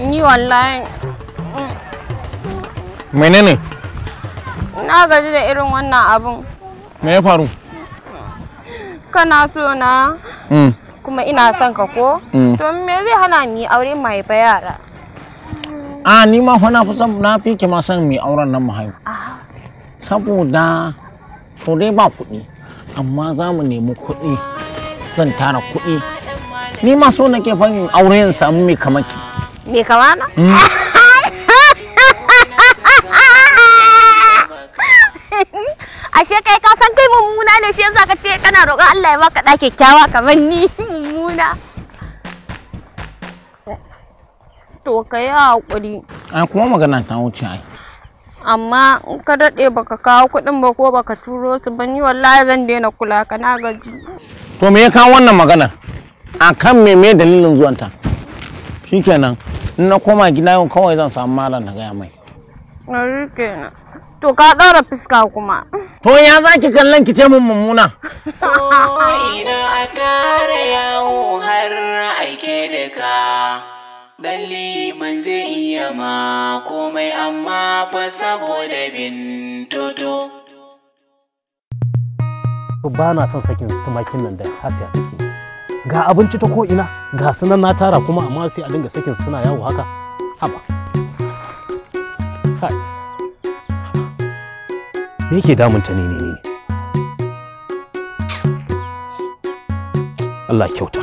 ni wallahi menene na gaji da irin wannan abun me ya faru kana so na mm. kuma ina son ka ko mm. to me zai hana mu yi aure mai yara a ni ma fa na fi son son mu auren nan mu ah. saboda to dai ba kuɗi amma za mu nemi kuɗi zan tara kuɗi ni ma so nake fa in aure in samu mai kamar Me kamana? Mm. Ashe kai ka san kai mummuna ne shi yasa ka ce kana roƙon Allah ya baka ɗa kyakkyawa kamar ni mummuna. To ka yi haƙuri. Ai kuma magana ta wuce ai. Amma in ka daɗe baka kawo kuɗin ba ko baka turo su ban yi wallahi zan daina kula ka na gaji. To me ya kawo wannan maganar? A kan me me dalilin zuwanta? Shikenan. na koma gida yau kawai zan samu malam na gaya mai to ka ɗora fuska kuma to ya za ki kallon ki ce mun mummuna ina a tare yawo har aike da ka Dalli man zai iya ma komai amma fa saboda bin toto. Ba na son sakin tumakin nan da hasiya take. ga abinci ta ko ina ga sunan na tara kuma amma sai a dinga sakin suna yawo haka haba kai me yake ta ne ne ne? Allah kyauta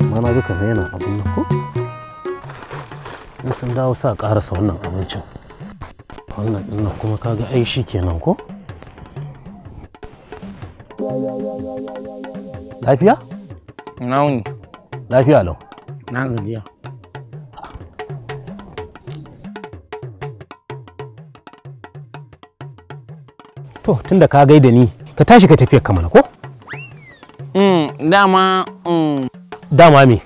amma na ga kamar yana abin nan ko in sun dawo sa karasa wannan abincin wannan ɗin kuma kaga ai shi kenan ko Lafiya? Na wuni. Lafiya lau. Na gajiya. To, tunda ka gaida ni, ka tashi ka tafiya kamar ko? Mm, dama mm. dama me?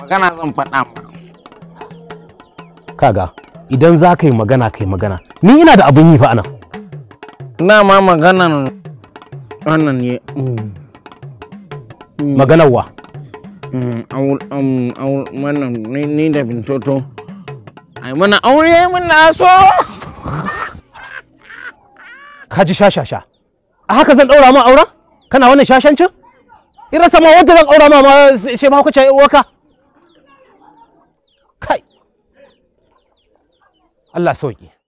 Magana zan faɗa ma. Kaga, idan za ka yi magana ka yi magana. Ni ina da abin yi fa na Dama maganan Wannan ne. Mm. Maganar wa? Mm, um, wannan ni da bintoto. Ai mana aure mun na so. Ka ji sha A haka zan daura ma aura Kana wannan shashancin? Irin sama wadda zan ɗaura ma she ma kuce waka. Kai. Allah sauki.